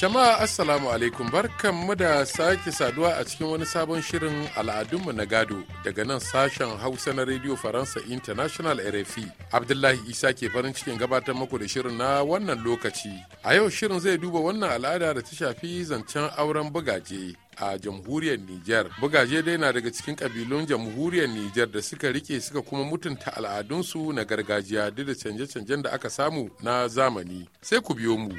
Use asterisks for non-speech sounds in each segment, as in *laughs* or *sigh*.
Jama'a Assalamu alaikum barkanmu da sake saduwa a cikin wani sabon shirin al'adunmu na gado daga nan sashen Hausa na Radio Faransa International RFI. Abdullahi Isa ke farin cikin gabatar muku da shirin na wannan lokaci. A yau shirin zai duba wannan al'ada da ta shafi zancen auren bugaje. a jamhuriyar Nijar. Bugaje dai na daga cikin kabilun jamhuriyar Nijar da suka rike suka kuma mutunta al'adunsu na gargajiya duk da canje-canjen da aka samu na zamani. Sai ku biyo mu.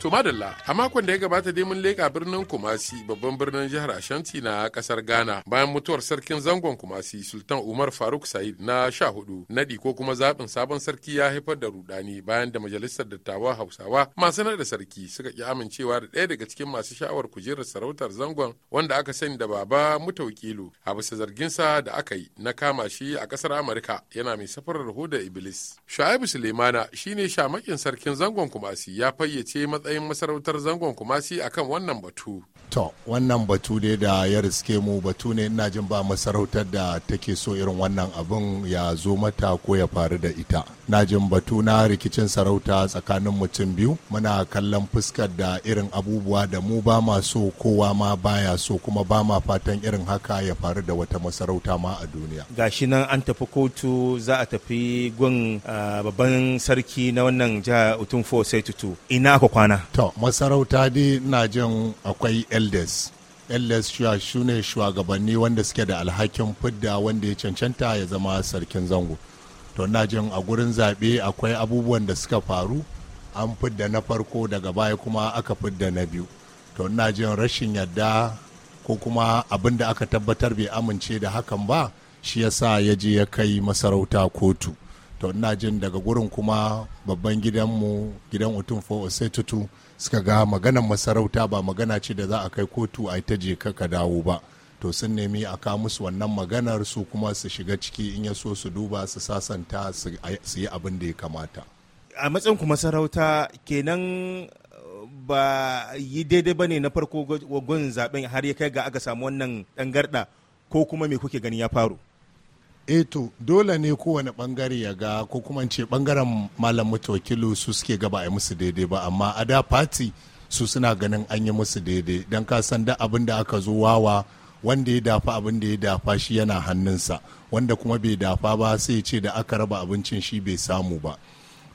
To madalla a makon da ya gabata dai mun leka birnin Kumasi babban birnin jihar Ashanti na kasar Ghana bayan mutuwar sarkin zangon Kumasi Sultan Umar Faruk Said na sha hudu naɗi ko kuma zaɓin sabon sarki ya haifar da rudani bayan da majalisar dattawa Hausawa masu da sarki suka ki amincewa da ɗaya daga cikin masu sha'awar kujerar sarautar zangon wanda aka sani da baba wakilu a bisa zarginsa da aka yi na kama shi a kasar Amurka yana mai safarar da Iblis. Shu'aibu Sulemana shine shamakin sarkin zangon Kumasi ya fayyace matsayin matsayin masarautar zangon kumasi akan wannan batu to wannan batu dai da ya riske mu batu ne ina jin ba masarautar da take so irin wannan abin ya zo mata ko ya faru da ita na jin batu na rikicin sarauta tsakanin mutum biyu muna kallon fuskar da irin abubuwa da mu ba ma so kowa ma baya so kuma ba ma fatan irin haka ya faru da wata masarauta ma a duniya gashi nan an tafi kotu za a tafi gun ah, babban sarki na wannan jiha utun 4 ina ka kwana to masarauta dai na jin akwai elders elders shu ne shugabanni wanda suke da alhakin fidda wanda ya cancanta ya zama sarkin zango to na jin a gurin zaɓe akwai abubuwan da suka faru an fidda na farko daga baya kuma aka fidda na biyu to na jin rashin yadda ko kuma abin da aka tabbatar bai amince da hakan ba shi yasa ya je ya kai masarauta kotu to ina jin daga gurin kuma babban gidanmu gidan utun tutu suka ga maganan masarauta ba magana ce da za a kai kotu a ta je ka dawo ba to sun nemi a ka musu wannan maganar su kuma su shiga ciki in ya so su duba su sasanta su yi abin da ya kamata a matsayin ku masarauta kenan uh, ba yi daidai ba ne na farko gwagwun zaben har ya kai ga aka samu wannan dangarda ko kuma me kuke gani ya faru eto eh dole ne kowane bangare ya ga ko kuma ce bangaren malam mutawakilu su suke gaba a yi musu daidai ba amma a da fati su suna ganin an yi musu daidai don ka san da abin da aka zo wawa wanda ya dafa abin da ya dafa shi yana hannunsa wanda kuma bai dafa ba sai ce da aka raba abincin shi bai samu ba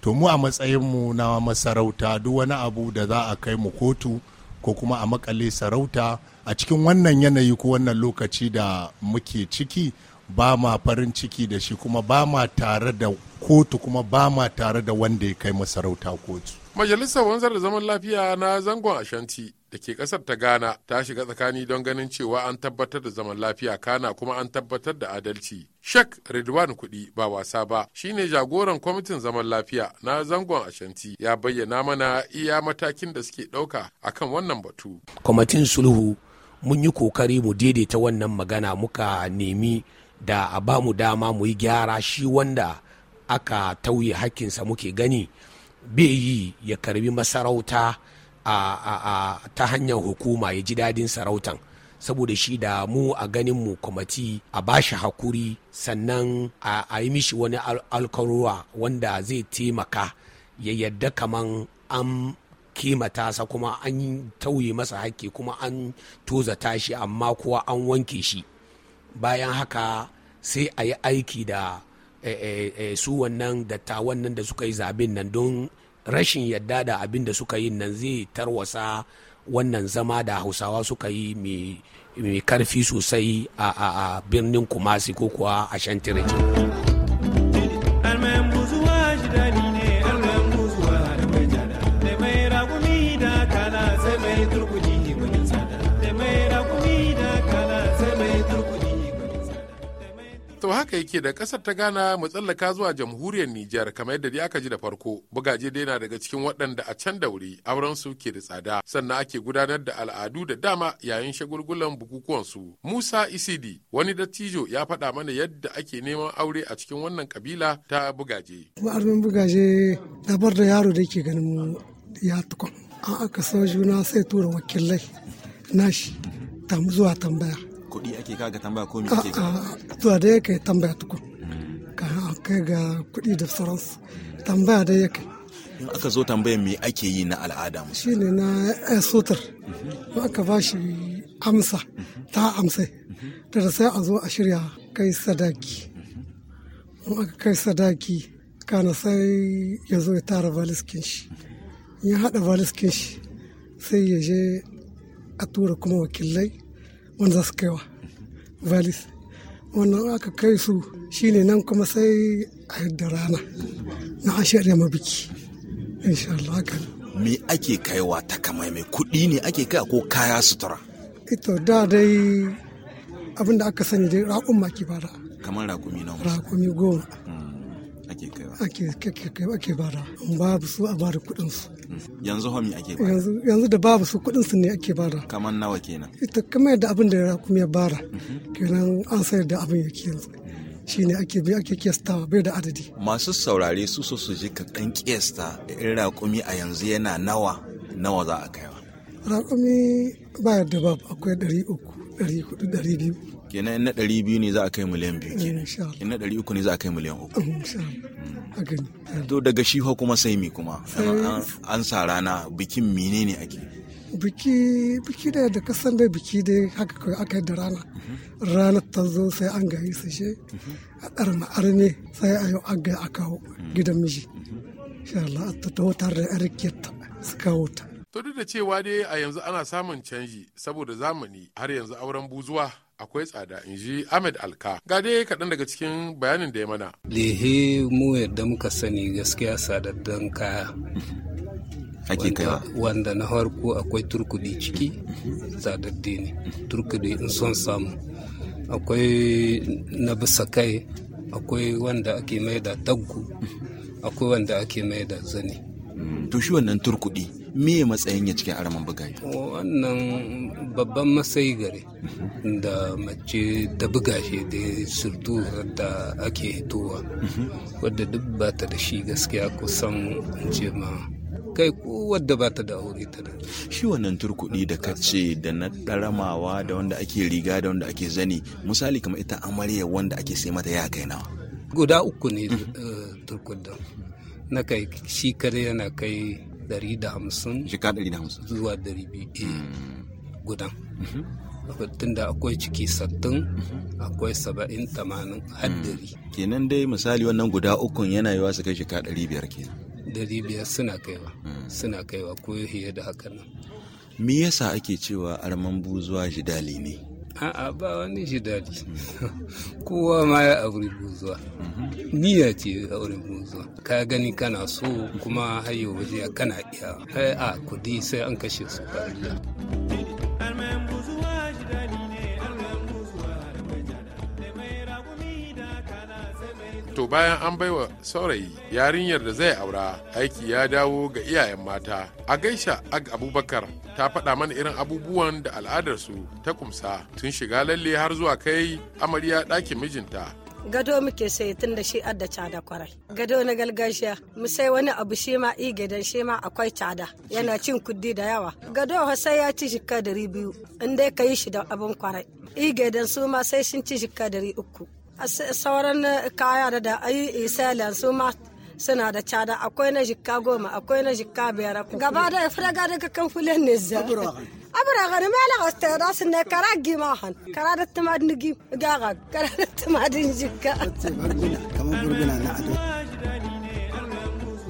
to mu a matsayinmu na masarauta duk wani abu da za a kai mu kotu ko kuma a makale sarauta a cikin wannan yanayi ko wannan lokaci da muke ciki ba ma farin ciki da shi kuma ba ma tare da kotu kuma ba ma tare da wanda ya kai masarauta kotu. Majalisar wanzar da zaman lafiya na zangon Ashanti da ke kasar ta Ghana ta shiga tsakani don ganin cewa an tabbatar da zaman lafiya kana kuma an tabbatar da adalci. Shek Ridwan kudi ba wasa ba shine jagoran kwamitin zaman lafiya na zangon Ashanti ya bayyana mana iya matakin da suke ɗauka akan wannan batu. Kwamitin sulhu mun yi kokari mu daidaita wannan magana muka nemi da a ba mu dama mu yi gyara shi wanda aka tauye hakkinsa muke gani bai yi ya karbi masarauta a, ta hanyar hukuma ya ji dadin sarautan saboda shi da mu a ganin mu kwamati a bashi hakuri sannan a, yi mishi wani alkaruwa wanda zai taimaka ya yadda kaman an kimata sa kuma an tauye masa haƙƙi kuma an tozata shi amma kuwa an wanke shi bayan haka sai a yi aiki da eh, eh, eh, su wannan dattawan nan da suka yi zabin nan don rashin yadda da abin da suka yi nan zai tarwasa wannan zama da hausawa suka yi mai karfi sosai a birnin kumasi ko kuwa a shantirajin. to haka yake da kasar ta gana mu tsallaka zuwa jamhuriyar Nijar kamar yadda dai aka ji da farko bugaje dai na daga cikin waɗanda a can da wuri auren su ke da tsada sannan ake gudanar da al'adu da dama yayin shagulgulan bukukuwan su Musa Isidi wani dattijo ya faɗa mana yadda ake neman aure a cikin wannan kabila ta bugaje ma'armin bugaje dabar da yaro da yake ganin ya tukun an aka so juna sai tura wakilai nashi zuwa tambaya kuɗi ake kaga tambaya ko me ake zuwa da yake tambaya tukun ka kai ga kuɗi da sauransu tambaya da yake in aka zo tambayar me ake yi na al'ada shi ne na eh, sutar ma aka ba shi amsa ta amsa da sai a zo a shirya kai sadaki in aka kai sadaki kana sai ya zo ya tara valiskin shi ya haɗa valiskin shi sai ya je a tura kuma wakilai wanda su kaiwa valis wannan aka kai su shine nan kuma sai a yadda rana na a shirya mabiki insha Allah me ake kaiwa ta kamai mai kuɗi ne ake kai ko kaya sutura ito da dai abinda aka sani dai rakun maki bada kamar raƙumi na raƙumi goma hmm. ake kaiwa ake kaiwa ake bada babu su a bada kudin su yanzu homi ake bada yanzu da babu su kudin su ne ake bada kamar nawa kenan ita kamar yadda abin da kuma ya bada mhm. kenan an sai da abin yake yanzu mhm. shi ne ake bi ake kiyasta bai da adadi. Masu saurare su so su ji kaɗan kiyasta irin raƙumi a yanzu yana nawa nawa za a kaiwa. Raƙumi ba yadda babu akwai ɗari uku, ɗari ɗari biyu. kenan na ɗari biyu ne za a kai miliyan biyu kenan eh, in na ɗari uku ne za a kai miliyan uku oh, hmm. to daga shi kuma sai mi kuma an sa rana bikin mine ne ake biki biki da da kasan da biki da haka kawai aka da rana mhm. rana ta zo sai an gayi su she mhm. a dar ma'ar ne sai a yau an gaya a kawo mhm. gidan miji insha Allah ta taho tare da yarkiyarta su kawo ta to duk da cewa dai a yanzu ana samun canji saboda zamani har yanzu auren buzuwa akwai tsada in ji ahmed alka ga dai kaɗan daga cikin bayanin da ya mana lehe mu yadda muka sani gaskiya sadaddan kaya ake kaiwa wanda na harko akwai turkudi ciki sadadde ne turkudi in son samu akwai na bisa kai akwai wanda ake mai da taggu akwai wanda ake mai da zane to shi wannan turkudi me matsayin ya cikin araman bugayi wannan babban matsayi gare da mace ta buga shi da surtu da ake hitowa wadda duk ba ta da shi gaskiya kusan ce ma kai ko wadda ba ta da aure ta da shi wannan turkuɗi da kace da na ɗaramawa da wanda ake riga da wanda ake zani misali kamar ita amarya wanda ake sai mata ya kai nawa guda uku ne eh, turkuɗin na kai shi kare yana kai 150 jika 150 zuwa 200 gudan tun da akwai ciki sattin mhm. akwai saba'in tamanin haddari hmm. kenan dai misali wannan guda ukun yana yiwa su kai shika 500 biyar kenan ɗari suna kaiwa hmm. suna kaiwa ko fiye da haka nan me yasa ake cewa arman buzuwa jidali ne a'a ba wani shi daɗi *laughs* kowa ma ya aure buzuwa niyya ce aure buzuwa ka gani kana so kuma hayo waje kana iya a kudi sai an kashe su to bayan an baiwa saurayi yarinyar da zai aura aiki ya dawo ga iyayen mata a gaisha ag abubakar ta faɗa mana irin abubuwan da al'adarsu ta kumsa tun shiga lalle har zuwa kai amarya ɗakin mijinta gado muke sai tun da shi adda cada kwarai gado na gargajiya mu sai wani abu shi ma i gidan shi ma akwai cada yana cin kuddi da yawa gado sai ya ci shikka dari biyu in dai ka yi shi da abin kwarai i gidan su ma sai sun ci shikka dari uku sauran kaya da da ayi isalan su ma suna da cada akwai na jikka goma akwai na jikka biyar gaba da firaga daga kan fulen ne za abra gani ma la gosta da sun ne kara gima han kara da tumadin gi gaga kara da tumadin jikka kamar gurguna na ado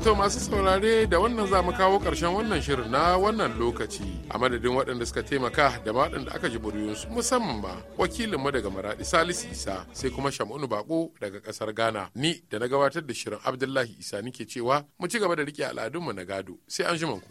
To masu saurare da wannan za mu kawo ƙarshen wannan shirin na wannan lokaci a madadin waɗanda suka taimaka da waɗanda aka ji buriyunsu musamman ma wakilinmu daga maraɗi Salisu Isa sai kuma Shamunu baƙo daga ƙasar Ghana. Ni da na gabatar da shirin Abdullahi Isa nike cewa mu ci gaba da riƙe al'adunmu na gado sai an ku.